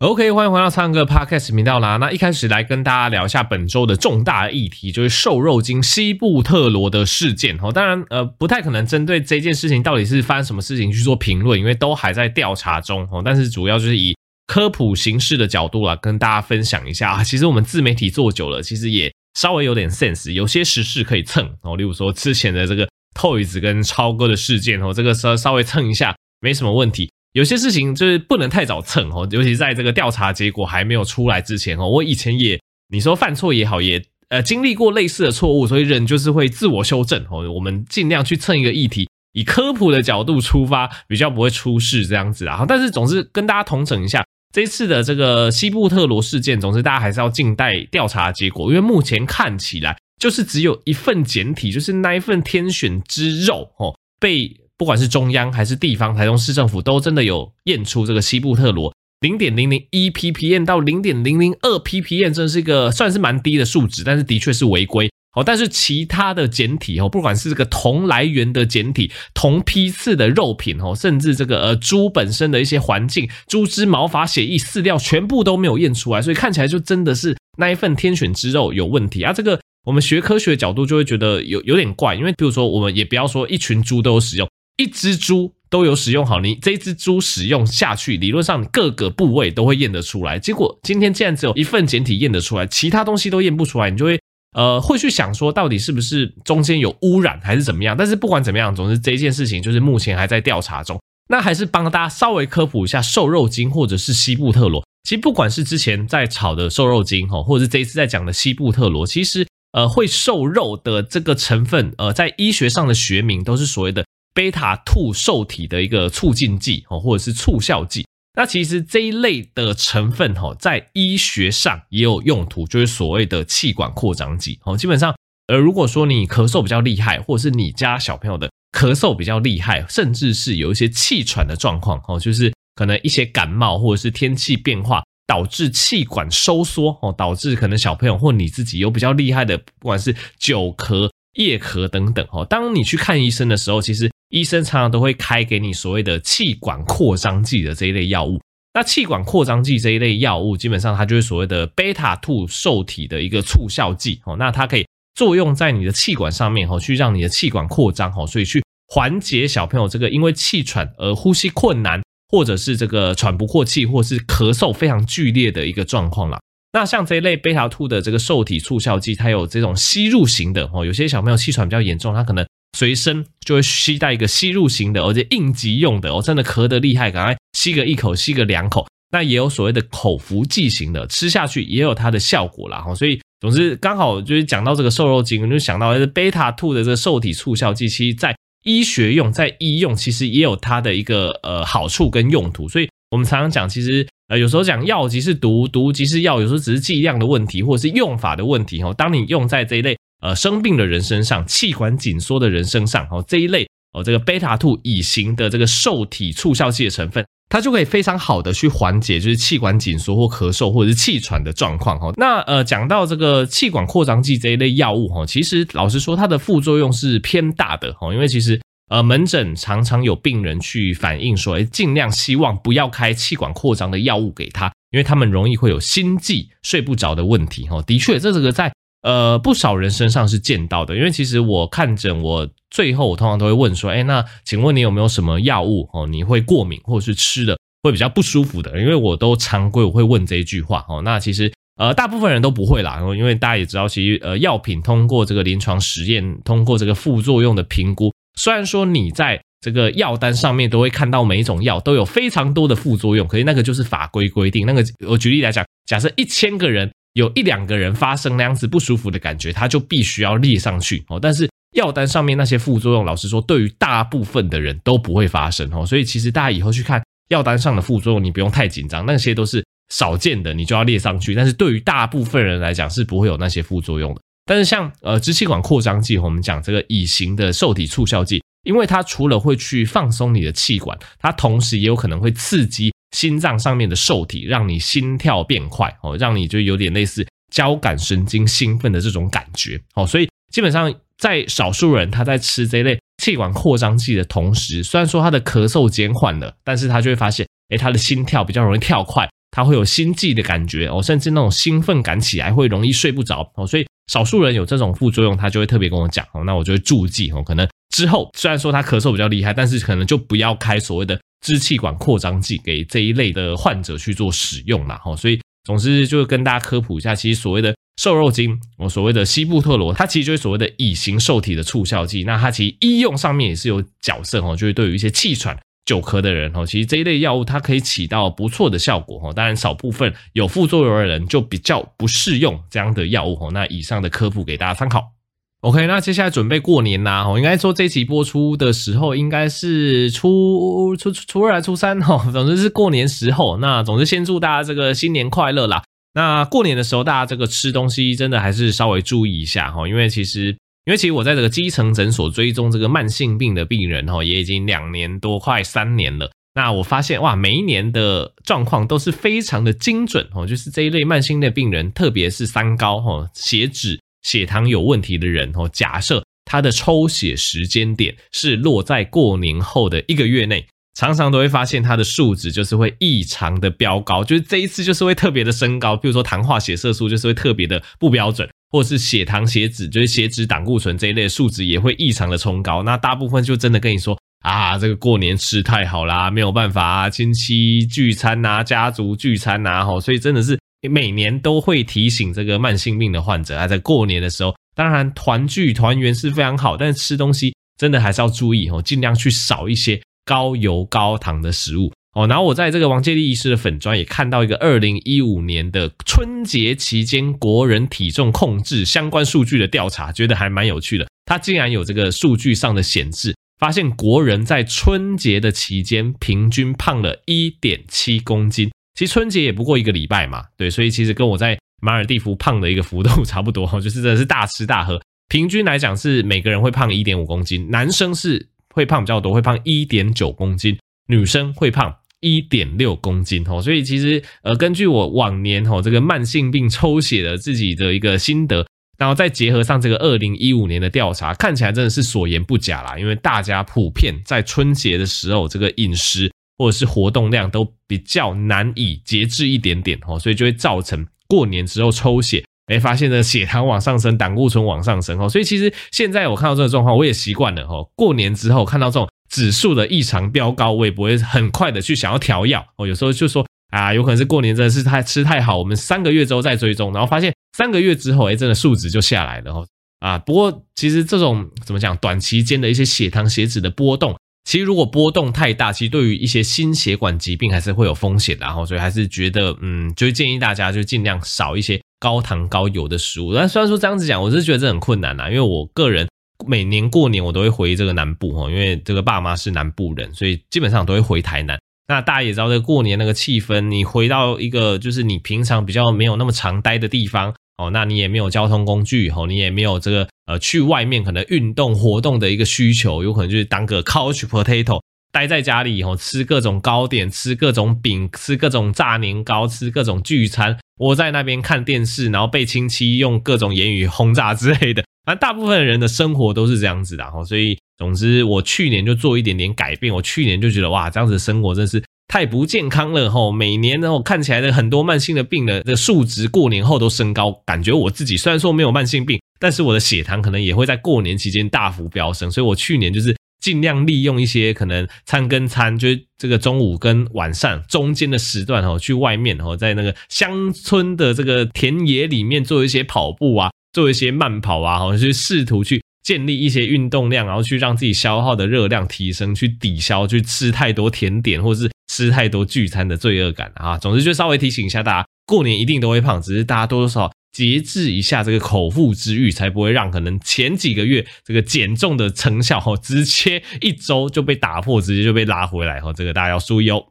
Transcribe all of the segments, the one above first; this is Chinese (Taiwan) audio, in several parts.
OK，歡迎回到蒼藍鴿的 Podcast 頻道啦。那一開始來跟大家聊一下本周的重大的議題，就是瘦肉精、西布特羅的事件。哦，當然，呃，不太可能針對這件事情到底是發生什麼事情去做評論，因為都還在調查中。哦，但是主要就是以科普形式的角度來跟大家分享一下啊。其實我們自媒體做久了，其實也稍微有點 sense，有些時事可以蹭。哦，例如說之前的這個 Toys 跟超哥的事件。哦，這個稍稍微蹭一下，沒什麼問題。有些事情就是不能太早蹭哦，尤其在這個調查結果還沒有出來之前哦。我以前也你說犯錯也好，也呃經歷過類似的錯誤，所以人就是會自我修正哦。我們盡量去蹭一個議題，以科普的角度出發，比較不會出事這樣子啊。但是總之跟大家統整一下這一次的這個西布特羅事件，總之大家還是要靜待調查結果，因為目前看起來就是只有一份簡體，就是那一份天選之肉哦被。不管是中央還是地方，台中市政府都真的有驗出這個西布特羅零點零零一 ppm 驗到零點零零二 ppm 驗，真的是一個算是蠻低的數值，但是的確是違規哦。但是其他的檢體哦，不管是這個同來源的檢體，同批次的肉品哦，甚至這個呃豬本身的一些環境、豬隻毛髮、血液、飼料，全部都沒有驗出來，所以看起來就真的是那一份天選之肉有問題啊。這個我們學科學角度就會覺得有有點怪，因為比如說我們也不要說一群豬都有使用。一隻豬都有使用好，你這一隻豬使用下去，理論上各個部位都會驗得出來。結果今天竟然只有一份檢體驗得出來，其他東西都驗不出來，你就會呃會去想說，到底是不是中間有污染還是怎麼樣？但是不管怎麼樣，總之這件事情就是目前還在調查中。那還是幫大家稍微科普一下瘦肉精或者是西布特羅。其實不管是之前在炒的瘦肉精哈，或者是這一次在講的西布特羅，其實呃會瘦肉的這個成分，呃在醫學上的學名都是所謂的。貝塔二受體的一個促進劑哦，或者是促效劑。那其實這一類的成分哈，在醫學上也有用途，就是所謂的氣管擴張劑哦。基本上，呃，如果說你咳嗽比較厲害，或者是你家小朋友的咳嗽比較厲害，甚至是有一些氣喘的狀況哦，就是可能一些感冒或者是天氣變化導致氣管收縮哦，導致可能小朋友或你自己有比較厲害的，不管是久咳、夜咳等等哦。當你去看醫生的時候，其實醫生常常都會開給你所謂的氣管擴張劑的這一類藥物。那氣管擴張劑這一類藥物，基本上它就是所謂的 Beta 2受體的一個促效劑哦。那它可以作用在你的氣管上面，去讓你的氣管擴張，所以去緩解小朋友這個因為氣喘而呼吸困難，或者是這個喘不過氣，或是咳嗽非常劇烈的一個狀況啦。那像這一類 Beta 2的這個受體促效劑，它有這種吸入型的哦。有些小朋友氣喘比較嚴重，他可能。隨身就會攜帶一個吸入型的，而且應急用的。我真的咳得厲害，趕快吸個一口，吸個兩口。那也有所謂的口服劑型的，吃下去也有它的效果啦。哈，所以總之剛好就是講到這個瘦肉精，我就想到是 beta 2的這個受體促效劑，其實在醫學用，在醫用其實也有它的一個呃好處跟用途。所以我們常常講，其實呃有時候講藥即是毒，毒即是藥，有時候只是劑量的問題，或者是用法的問題。哈，當你用在這一類。呃，生病的人身上，氣管緊縮的人身上，哦，這一類哦，這個貝塔兔乙型的這個受體促效劑的成分，它就可以非常好的去緩解，就是氣管緊縮或咳嗽或者是氣喘的狀況。哈、哦，那呃，講到這個氣管擴張劑這一類藥物，哈、哦，其實老實說，它的副作用是偏大的。哈、哦，因為其實呃，門診常常有病人去反映說誒，盡量希望不要開氣管擴張的藥物給他，因為他們容易會有心悸、睡不着的問題。哈、哦，的確，這個在。呃，不少人身上是見到的，因為其實我看診，我最後我通常都會問說，哎、欸，那請問你有沒有什麼藥物哦，你會過敏或者是吃的會比較不舒服的？因為我都常規我會問這一句話哦。那其實呃，大部分人都不會啦，因為大家也知道，其實呃，藥品通過這個臨床實驗，通過這個副作用的評估，雖然說你在這個藥單上面都會看到每一種藥都有非常多的副作用，可是那個就是法規規定。那個我舉例來講，假設一千個人。有一兩個人發生那樣子不舒服的感覺，他就必須要列上去哦。但是藥單上面那些副作用，老實說，對於大部分的人都不會發生哦。所以其實大家以後去看藥單上的副作用，你不用太緊張，那些都是少見的，你就要列上去。但是對於大部分人來講，是不會有那些副作用的。但是像呃支氣管擴張劑，我們講這個乙型的受體促效劑，因為它除了會去放鬆你的氣管，它同時也有可能會刺激。心臟上面的受體，讓你心跳變快哦，讓你就有點類似交感神經興奮的這種感覺哦。所以基本上，在少數人他在吃這類氣管擴張劑的同時，雖然說他的咳嗽減緩了，但是他就會發現，哎、欸，他的心跳比較容易跳快，他會有心悸的感覺哦，甚至那種興奮感起來會容易睡不着哦。所以少數人有這種副作用，他就會特別跟我講哦，那我就會注意哦。可能之後雖然說他咳嗽比較厲害，但是可能就不要開所謂的。支氣管擴張劑給這一類的患者去做使用啦。吼，所以總之就跟大家科普一下，其實所謂的瘦肉精，我所謂的西布特羅，它其實就是所謂的乙型受體的促效劑，那它其實醫用上面也是有角色哦，就是對於一些氣喘、久咳的人哦，其實這一類藥物它可以起到不錯的效果哦，當然少部分有副作用的人就比較不適用這樣的藥物哦，那以上的科普給大家參考。OK，那接下來準備過年啦、啊，我應該說這一期播出的時候應該是初初初，初二還初三哈、哦，總之是過年時候。那總之先祝大家這個新年快樂啦。那過年的時候，大家這個吃東西真的還是稍微注意一下哈、哦，因為其實因為其實我在這個基層診所追蹤這個慢性病的病人哈、哦，也已經兩年多快三年了。那我發現哇，每一年的狀況都是非常的精準哦，就是這一類慢性的病人，特別是三高哈、哦，血脂。血糖有問題的人哦，假設他的抽血時間點是落在過年後的一個月內，常常都會發現他的數值就是會異常的飆高，就是這一次就是會特別的升高，比如說糖化血色素就是會特別的不標準，或是血糖血脂，就是血脂膽固醇這一類數值也會異常的沖高。那大部分就真的跟你說啊，這個過年吃太好啦，沒有辦法，親戚聚餐吶、啊，家族聚餐吶，吼，所以真的是。每年都會提醒這個慢性病的患者啊，在過年的時候，當然團聚團圓是非常好，但是吃東西真的還是要注意哦，儘量去少一些高油高糖的食物哦。然後我在這個王建利醫師的粉專，也看到一個二零一五年的春節期間國人體重控制相關數據的調查，覺得還蠻有趣的。他竟然有這個數據上的顯示，發現國人在春節的期間平均胖了一點七公斤。其實春節也不過一個禮拜嘛，對，所以其實跟我在馬爾地夫胖的一個幅度差不多，就是真的是大吃大喝，平均來講是每個人會胖一點五公斤，男生是會胖比較多，會胖一點九公斤，女生會胖一點六公斤哦，所以其實呃，根據我往年哦、喔、這個慢性病抽血的自己的一個心得，然後再結合上這個二零一五年的調查，看起來真的是所言不假啦，因為大家普遍在春節的時候這個飲食。或者是活動量都比較難以節制一點點哦，所以就會造成過年之後抽血，哎，發現血糖往上升，膽固醇往上升哦。所以其實現在我看到這個狀況，我也習慣了哦。過年之後看到這種指數的異常飆高，我也不會很快的去想要調藥。有時候就說啊，有可能是過年真的是太吃太好。我們三個月之後再追蹤，然後發現三個月之後，真的數值就下來了哦。啊，不過其實這種怎麼講，短期間的一些血糖血脂的波動。其實如果波動太大，其實對於一些心血管疾病還是會有風險的，然後所以還是覺得，嗯，就建議大家就盡量少一些高糖高油的食物。但雖然說這樣子講，我是覺得這很困難吶，因為我個人每年過年我都會回這個南部齁，因為這個爸媽是南部人，所以基本上都會回台南。那大家也知道，在過年那個氣氛，你回到一個就是你平常比較沒有那麼常待的地方。哦，那你也沒有交通工具，吼，你也沒有這個呃去外面可能運動活動的一個需求，有可能就是當個 couch potato，待在家裡，吼，吃各種糕點，吃各種餅，吃各種炸年糕，吃各種聚餐，窩在那邊看電視，然後被親戚用各種言語轟炸之類的。反正大部分人的生活都是這樣子的，吼，所以總之我去年就做一點點改變，我去年就覺得哇，這樣子生活真的是。太不健康了吼！每年呢，我看起來的很多慢性的病的的數值過年後都升高，感覺我自己雖然說沒有慢性病，但是我的血糖可能也會在過年期間大幅飆升。所以我去年就是儘量利用一些可能餐跟餐，就是這個中午跟晚上中間的時段吼，去外面吼，在那個鄉村的這個田野裡面做一些跑步啊，做一些慢跑啊，吼去試圖去。建立一些運動量，然後去讓自己消耗的熱量提升，去抵消去吃太多甜點或是吃太多聚餐的罪惡感啊。總之就稍微提醒一下大家，過年一定都會胖，只是大家多多少少節制一下這個口腹之欲，才不會讓可能前幾個月這個減重的成效吼，直接一周就被打破，直接就被拉回來吼。這個大家要注意哦。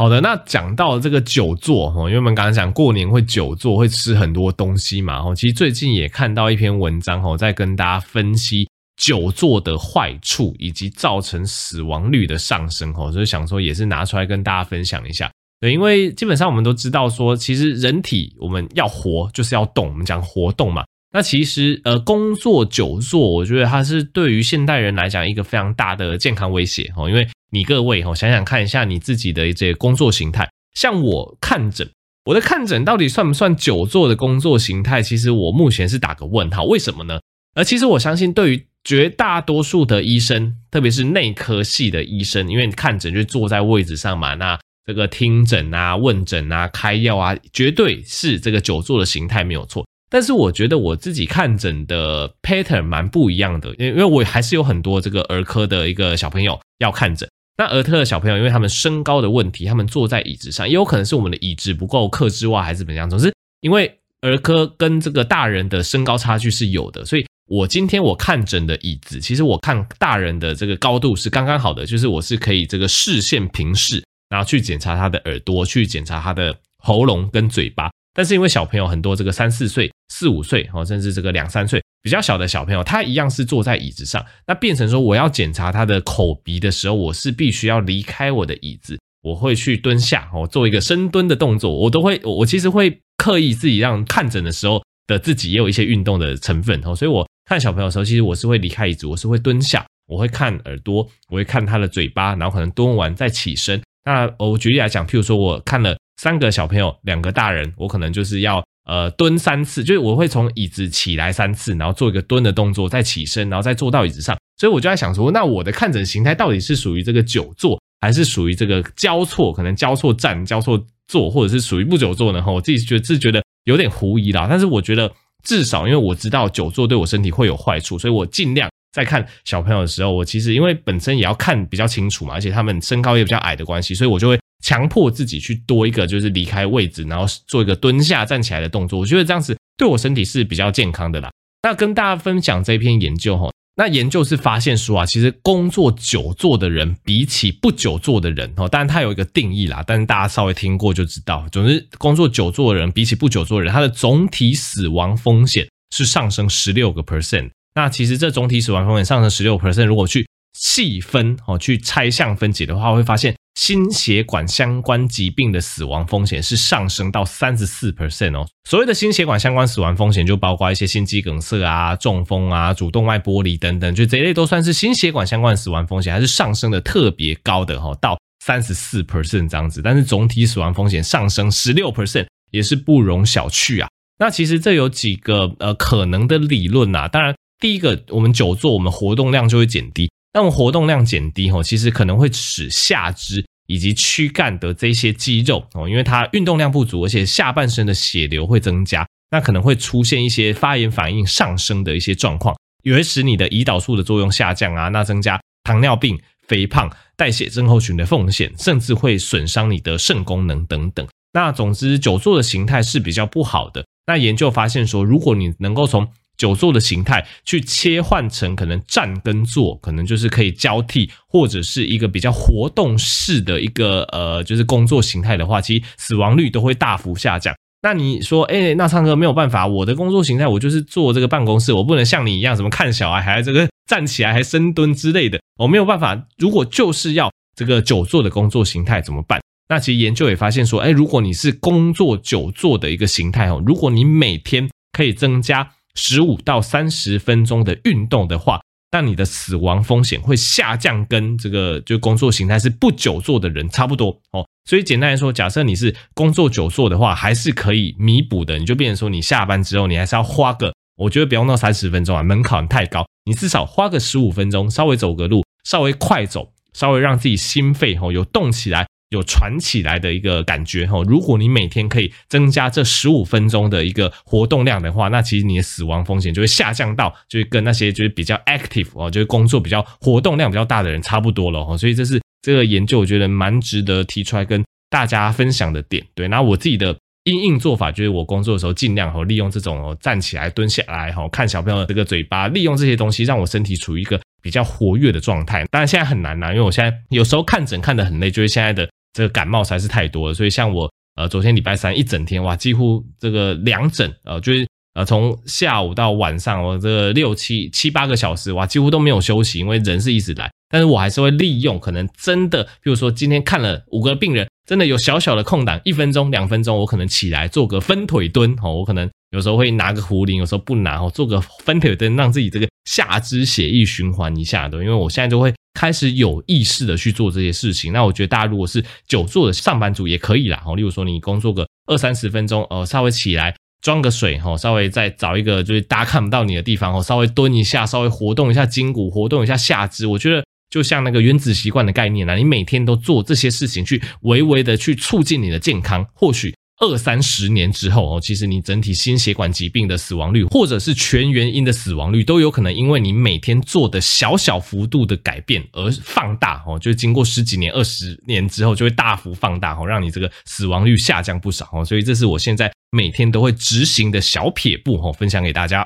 好的，那講到這個久坐哦，因為我們剛剛講過年會久坐，會吃很多東西嘛，哦，其實最近也看到一篇文章哦，在跟大家分析久坐的壞處以及造成死亡率的上升哦，所以想說也是拿出來跟大家分享一下。對，因為基本上我們都知道說，其實人體我們要活就是要動，我們講活動嘛。那其實，呃，工作久坐，我覺得它是對於現代人來講一個非常大的健康威脅哦。因為你各位，哦，想想看一下你自己的這些工作形態。像我看診，我的看診到底算不算久坐的工作形態？其實我目前是打個問號。為什麼呢？而其實我相信，對於絕大多數的醫生，特別是內科系的醫生，因為看診就坐在位置上嘛，那這個聽診啊、問診啊、開藥啊，絕對是這個久坐的形態沒有錯。但是我覺得我自己看診的 pattern 蠻不一樣的，因因為我還是有很多這個兒科的一個小朋友要看診。那兒科的小朋友，因為他們身高的問題，他們坐在椅子上，也有可能是我們的椅子不夠客製化，還是怎麼樣？總之因為兒科跟這個大人的身高差距是有的，所以我今天我看診的椅子，其實我看大人的這個高度是剛剛好的，就是我是可以這個視線平視，然後去檢查他的耳朵，去檢查他的喉嚨跟嘴巴。但是因為小朋友很多，這個三四歲、四五歲哦，甚至這個兩三歲比較小的小朋友，他一樣是坐在椅子上。那變成說，我要檢查他的口鼻的時候，我是必須要離開我的椅子，我會去蹲下哦，做一個深蹲的動作。我都會，我其實會刻意自己讓看診的時候的自己也有一些運動的成分哦。所以我看小朋友的時候，其實我是會離開椅子，我是會蹲下，我會看耳朵，我會看他的嘴巴，然後可能蹲完再起身。那我舉例來講，譬如說我看了。三個小朋友，兩個大人，我可能就是要呃蹲三次，就是我會從椅子起來三次，然後做一個蹲的動作，再起身，然後再坐到椅子上。所以我就在想說，那我的看診形態到底是屬於這個久坐，還是屬於這個交錯？可能交錯站、交錯坐，或者是屬於不久坐呢？哈，我自己是覺得是覺得有點狐疑啦。但是我覺得至少，因為我知道久坐對我身體會有壞處，所以我盡量。在看小朋友的時候，我其實因為本身也要看比較清楚嘛，而且他們身高也比較矮的關係，所以我就會強迫自己去多一個，就是離開位置，然後做一個蹲下站起來的動作。我覺得這樣子對我身體是比較健康的啦。那跟大家分享這一篇研究哈，那研究是發現說啊，其實工作久坐的人比起不久坐的人，哦，當然它有一個定義啦，但是大家稍微聽過就知道，總之工作久坐的人比起不久坐的人，他的總體死亡風險是上升十六個 percent。那其實這總體死亡風險上升十六 percent，如果去細分哦、喔，去拆項分解的話，會發現心血管相關疾病的死亡風險是上升到三十四 percent 哦。所謂的心血管相關死亡風險，就包括一些心肌梗塞啊、中風啊、主動脈剝離等等，就這一類都算是心血管相關死亡風險，還是上升的特別高的哈、喔，到三十四 percent 這樣子。但是總體死亡風險上升十六 percent 也是不容小覷啊。那其實這有幾個呃可能的理論吶、啊，當然。第一個，我們久坐，我們活動量就會減低。那我們活動量減低，吼，其實可能會使下肢以及軀幹的這些肌肉哦，因為它運動量不足，而且下半身的血流會增加，那可能會出現一些發炎反應上升的一些狀況，也會使你的胰島素的作用下降啊，那增加糖尿病、肥胖、代謝症候群的風險，甚至會損傷你的腎功能等等。那總之，久坐的形態是比較不好的。那研究發現說，如果你能夠從久坐的形態去切換成可能站跟坐，可能就是可以交替，或者是一個比較活動式的一個呃，就是工作形態的話，其實死亡率都會大幅下降。那你說，哎、欸，那唱歌沒有辦法，我的工作形態我就是坐這個辦公室，我不能像你一樣什麼看小孩，還這個站起來還深蹲之類的，我沒有辦法。如果就是要這個久坐的工作形態怎麼辦？那其實研究也發現說，哎、欸，如果你是工作久坐的一個形態哦，如果你每天可以增加，十五到三十分鐘的運動的話，那你的死亡風險會下降，跟這個就工作形態是不久坐的人差不多哦。所以簡單來說，假設你是工作久坐的話，還是可以彌補的。你就變成說，你下班之後，你還是要花個，我覺得不用到三十分鐘啊，門檻太高，你至少花個十五分鐘，稍微走個路，稍微快走，稍微讓自己心肺哦有動起來。有傳起來的一個感覺吼，如果你每天可以增加這十五分鐘的一個活動量的話，那其實你的死亡風險就會下降到，就是跟那些就是比較 active 哦，就是工作比較活動量比較大的人差不多了哈。所以這是這個研究我覺得蠻值得提出來跟大家分享的點。對，那我自己的因應做法就是我工作的時候盡量齁利用這種站起來、蹲下來、哈看小朋友的這個嘴巴，利用這些東西讓我身體處於一個比較活躍的狀態。當然現在很難啦、啊，因為我現在有時候看診看得很累，就是現在的。這個感冒實在是太多了，所以像我，呃，昨天禮拜三一整天，哇，幾乎這個兩診，呃，就是呃，從下午到晚上，我這個六七七八個小時，哇，幾乎都沒有休息，因為人是一直來。但是我還是會利用，可能真的，比如說今天看了五個病人，真的有小小的空檔，一分鐘、兩分鐘，我可能起來做個分腿蹲，哦，我可能有時候會拿個壺鈴，有時候不拿，哦，做個分腿蹲，讓自己這個下肢血液循環一下的，因為我現在就會。開始有意識的去做這些事情，那我覺得大家如果是久坐的上班族也可以啦，哈，例如說你工作個二三十分鐘，呃，稍微起來裝個水，哈，稍微再找一個就是大家看不到你的地方，哦，稍微蹲一下，稍微活動一下筋骨，活動一下下肢，我覺得就像那個原子習慣的概念啦，你每天都做這些事情，去微微的去促進你的健康，或許。二三十年之後哦，其實你整體心血管疾病的死亡率，或者是全原因的死亡率，都有可能因為你每天做的小小幅度的改變而放大哦，就是經過十幾年、二十年之後，就會大幅放大哦，讓你這個死亡率下降不少哦。所以這是我現在每天都會執行的小撇步哦，分享給大家。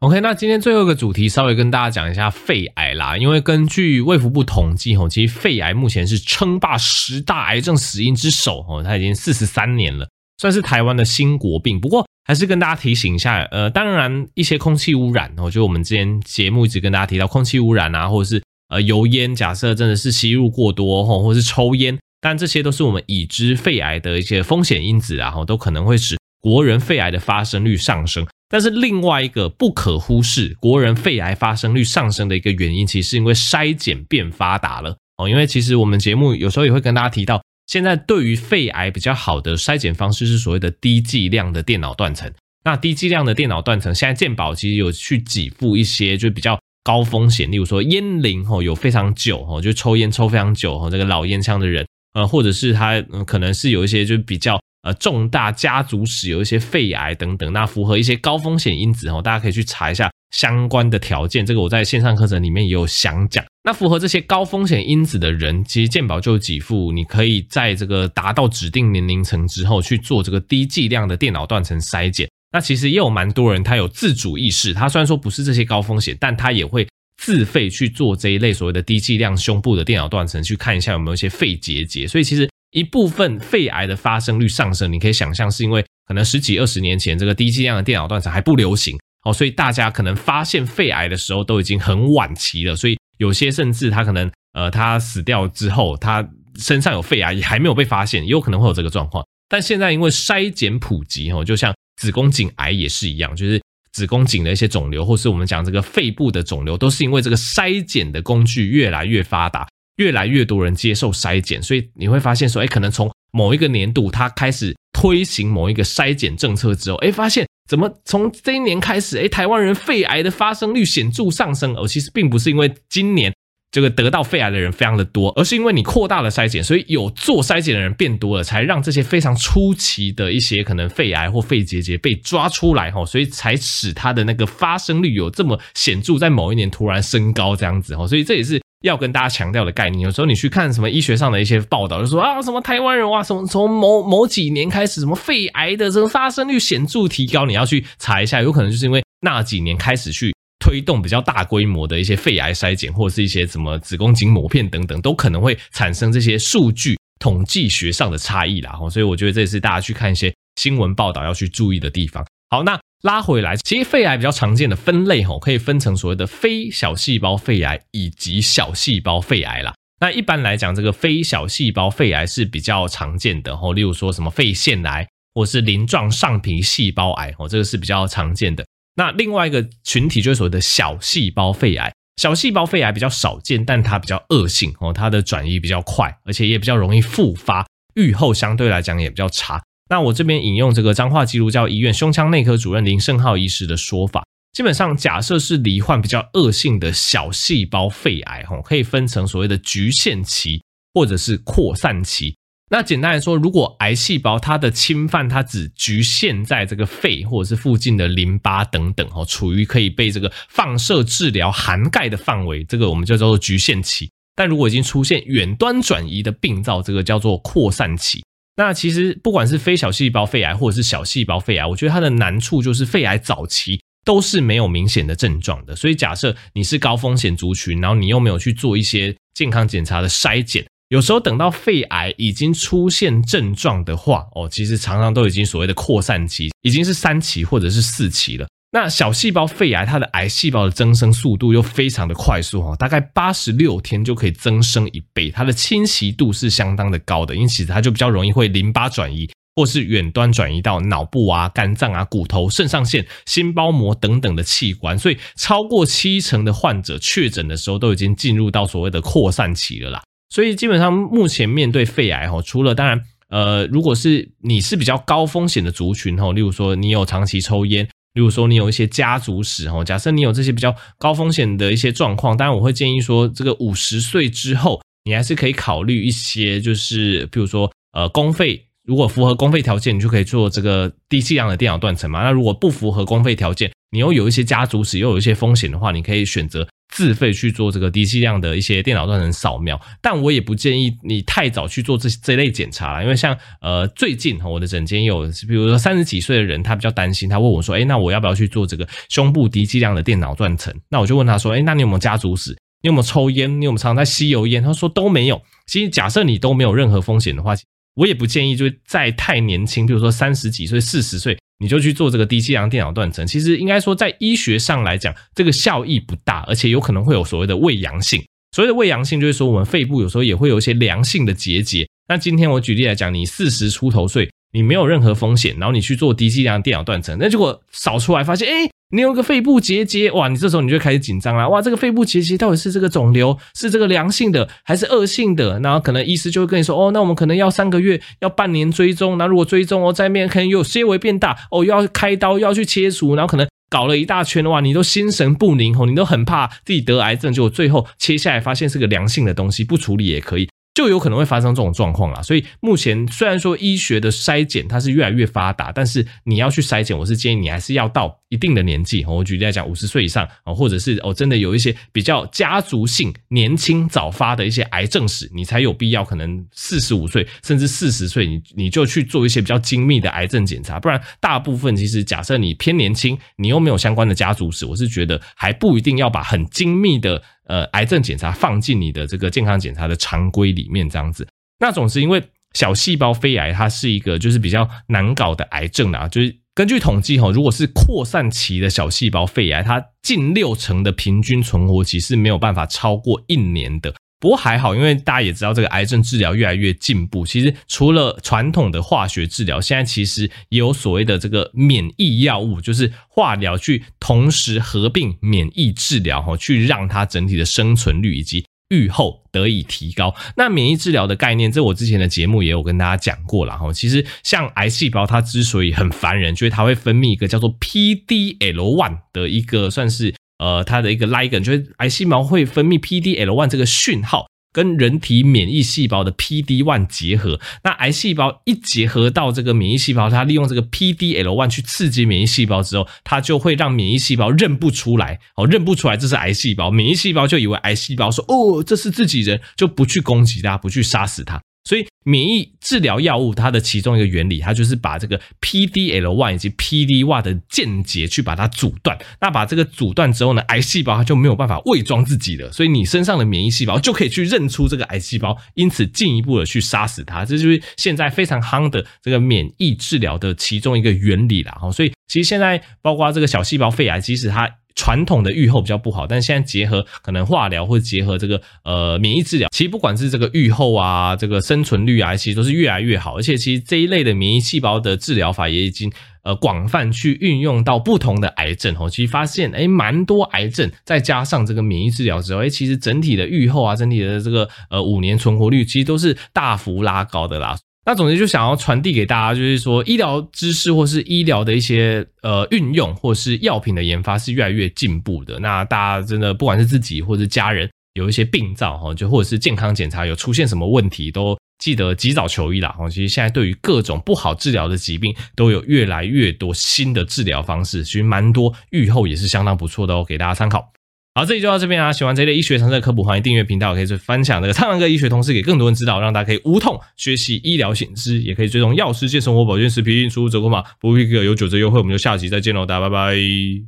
OK，那今天最後一個主題，稍微跟大家講一下肺癌啦，因為根據衛福部統計哦，其實肺癌目前是稱霸十大癌症死因之首哦，它已經四十三年了。算是台灣的新國病，不過還是跟大家提醒一下。呃，當然一些空氣污染，我覺得我們之前節目一直跟大家提到空氣污染啊，或者是呃油煙，假設真的是吸入過多，或者是抽煙，但這些都是我們已知肺癌的一些風險因子啊，都可能會使國人肺癌的發生率上升。但是另外一個不可忽視，國人肺癌發生率上升的一個原因，其實是因為篩檢變發達了哦。因為其實我們節目有時候也會跟大家提到。現在對於肺癌比較好的篩檢方式是所謂的低劑量的電腦斷層。那低劑量的電腦斷層，現在健保其實有去給付一些就比較高風險，例如說菸齡哦，有非常久哦，就抽菸抽非常久哦，這個老菸槍的人，呃，或者是他嗯可能是有一些就比較呃重大家族史，有一些肺癌等等，那符合一些高風險因子哦，大家可以去查一下。相關的條件，這個我在線上課程裡面也有詳講。那符合這些高風險因子的人，其實健保就有給付，你可以在這個達到指定年齡層之後，去做這個低劑量的電腦斷層篩檢。那其實也有蠻多人，他有自主意識，他雖然說不是這些高風險，但他也會自費去做這一類所謂的低劑量胸部的電腦斷層，去看一下有沒有一些肺結節。所以其實一部分肺癌的發生率上升，你可以想象是因為可能十幾二十年前這個低劑量的電腦斷層還不流行。哦，所以大家可能發現肺癌的時候都已經很晚期了，所以有些甚至他可能，呃，他死掉之後，他身上有肺癌也還沒有被發現，也有可能會有這個狀況。但現在因為篩檢普及，吼，就像子宮頸癌也是一樣，就是子宮頸的一些腫瘤，或是我們講這個肺部的腫瘤，都是因為這個篩檢的工具越來越發達，越來越多人接受篩檢，所以你會發現說，哎，可能從某一個年度他開始推行某一個篩檢政策之後，哎，發現。怎麼從這一年開始？哎、欸，台灣人肺癌的發生率顯著上升哦。而其實並不是因為今年這個得到肺癌的人非常的多，而是因為你擴大了篩檢，所以有做篩檢的人變多了，才讓這些非常初期的一些可能肺癌或肺結節被抓出來哈，所以才使它的那個發生率有這麼顯著，在某一年突然升高這樣子哈。所以這也是要跟大家強調的概念，有時候你去看什麼醫學上的一些報道，就說啊，什麼台灣人哇，什麼從某某幾年開始，什麼肺癌的這個發生率顯著提高，你要去查一下，有可能就是因為那幾年開始去推動比較大規模的一些肺癌篩檢，或者是一些什麼子宮頸抹片等等，都可能會產生這些數據統計學上的差異啦。所以我覺得這也是大家去看一些新聞報道要去注意的地方。好，那拉回來，其實肺癌比較常見的分類，吼，可以分成所謂的非小細胞肺癌以及小細胞肺癌啦。那一般來講，這個非小細胞肺癌是比較常見的，吼，例如說什麼肺腺癌或是鱗狀上皮細胞癌，哦，這個是比較常見的。那另外一個群體就是所謂的小細胞肺癌，小細胞肺癌比較少見，但它比較惡性，哦，它的轉移比較快，而且也比較容易復發，預後相對來講也比較差。那我這邊引用這個彰化基督教醫院胸腔內科主任林聖浩醫師的說法，基本上假設是罹患比較惡性的小細胞肺癌，可以分成所謂的局限期或者是擴散期。那簡單來說，如果癌細胞它的侵犯它只局限在這個肺或者是附近的淋巴等等，哈，處於可以被這個放射治療涵蓋的範圍，這個我們就叫做局限期。但如果已經出現遠端轉移的病灶，這個叫做擴散期。那其實不管是非小細胞肺癌或者是小細胞肺癌，我覺得它的難處就是肺癌早期都是沒有明顯的症狀的。所以假設你是高風險族群，然後你又沒有去做一些健康檢查的篩檢，有時候等到肺癌已經出現症狀的話，哦、喔，其實常常都已經所謂的擴散期，已經是三期或者是四期了。那小細胞肺癌，它的癌細胞的增生速度又非常的快速哈、喔，大概八十六天就可以增生一倍，它的侵襲度是相當的高的，因為其實它就比較容易會淋巴轉移，或是遠端轉移到腦部啊、肝臟啊、骨頭、腎上腺、心包膜等等的器官，所以超過七成的患者確診的時候都已經進入到所謂的擴散期了啦。所以基本上目前面對肺癌哈、喔，除了當然呃，如果是你是比較高風險的族群哈、喔，例如說你有長期抽煙。例如說你有一些家族史，吼，假設你有這些比較高風險的一些狀況，當然我會建議說，這個五十歲之後，你還是可以考慮一些，就是比如說，呃，公費，如果符合公費條件，你就可以做這個低劑量的電腦斷層嘛。那如果不符合公費條件，你又有一些家族史，又有一些風險的話，你可以選擇。自費去做這個低劑量的一些電腦斷層掃描，但我也不建議你太早去做這這類檢查，因為像呃最近哈我的診間有比如說三十幾歲的人，他比較擔心，他問我說，哎，那我要不要去做這個胸部低劑量的電腦斷層？那我就問他說，哎，那你有沒有家族史？你有沒有抽菸？你有沒有常常在吸油煙？他說都沒有。其實假設你都沒有任何風險的話，我也不建議就在太年輕，比如說三十幾歲、四十歲。你就去做這個低劑量電腦斷層，其實應該說在醫學上來講，這個效益不大，而且有可能會有所謂的偽陽性。所謂的偽陽性，就是說我們肺部有時候也會有一些良性的結節。那今天我舉例來講，你四十出頭歲，你沒有任何風險，然後你去做低劑量電腦斷層，那結果掃出來發現，哎，你有一個肺部結節，哇，你這時候你就開始緊張了，哇，這個肺部結節到底是這個腫瘤是這個良性的還是惡性的？然後可能醫師就會跟你說，哦，那我們可能要三個月，要半年追蹤，那如果追蹤哦，在面可能又微微變大，哦，又要開刀，又要去切除，然後可能搞了一大圈的話，你都心神不寧哦，你都很怕自己得癌症，結果最後切下來發現是個良性的東西，不處理也可以。就有可能會發生這種狀況啦。所以目前雖然說醫學的篩檢它是越來越發達，但是你要去篩檢，我是建議你還是要到一定的年紀。我舉例來講，五十歲以上啊，或者是哦真的有一些比較家族性年輕早發的一些癌症史，你才有必要可能四十五歲甚至四十歲，你你就去做一些比較精密的癌症檢查，不然大部分其實假設你偏年輕，你又沒有相關的家族史，我是覺得還不一定要把很精密的。呃，癌症檢查放進你的這個健康檢查的常規裡面這樣子，那總之，因為小細胞肺癌它是一個就是比較難搞的癌症啊，就是根據統計哈，如果是擴散期的小細胞肺癌，它近六成的平均存活期是沒有辦法超過一年的。不過還好，因為大家也知道這個癌症治療越來越進步。其實除了傳統的化學治療，現在其實也有所謂的這個免疫藥物，就是化療去同時合併免疫治療，去讓它整體的生存率以及預後得以提高。那免疫治療的概念，這我之前的節目也有跟大家講過了，哈。其實像癌細胞，它之所以很煩人，就是它會分泌一個叫做 PD-L1 的一個算是。呃，它的一個 ligand 就是癌細胞會分泌 PD-L1 這個訊號，跟人體免疫細胞的 PD-1 結合。那癌細胞一結合到這個免疫細胞，它利用這個 PD-L1 去刺激免疫細胞之後，它就會讓免疫細胞認不出來，哦，認不出來這是癌細胞，免疫細胞就以為癌細胞說，哦，這是自己人，就不去攻擊它，不去殺死它。所以，免疫治療藥物它的其中一個原理，它就是把這個 PD-L1 以及 PD-1 的間接去把它阻斷。那把這個阻斷之後呢，癌細胞它就沒有辦法偽裝自己了，所以你身上的免疫細胞就可以去認出這個癌細胞，因此進一步的去殺死它。這就是現在非常夯的這個免疫治療的其中一個原理了。哈，所以其實現在包括這個小細胞肺癌，其實它。傳統的預後比較不好，但現在結合可能化療或者結合這個呃免疫治療，其實不管是這個預後啊，這個生存率啊，其實都是越來越好。而且其實這一類的免疫細胞的治療法也已經呃廣泛去運用到不同的癌症哦，其實發現誒、欸、蠻多癌症再加上這個免疫治療之後、欸，誒其實整體的預後啊，整體的這個呃五年存活率其實都是大幅拉高的啦。那總之就想要傳遞給大家，就是說，醫療知識或是醫療的一些呃運用，或是藥品的研發是越來越進步的。那大家真的不管是自己或是家人有一些病灶哈，就或者是健康檢查有出現什麼問題，都記得及早求醫啦。哦，其實現在對於各種不好治療的疾病，都有越來越多新的治療方式，其實蠻多預後，也是相當不錯的哦，喔，給大家參考。好，這集就到這邊啊！喜歡這類醫學常識科普，歡迎訂閱頻道，可以去分享這個蒼藍鴿醫學，同時給更多人知道，讓大家可以無痛學習醫療新知，也可以追蹤藥師健生活保健食品，輸入折扣碼，bluepig 有九折優惠。我們就下集再見嘍，大家拜拜。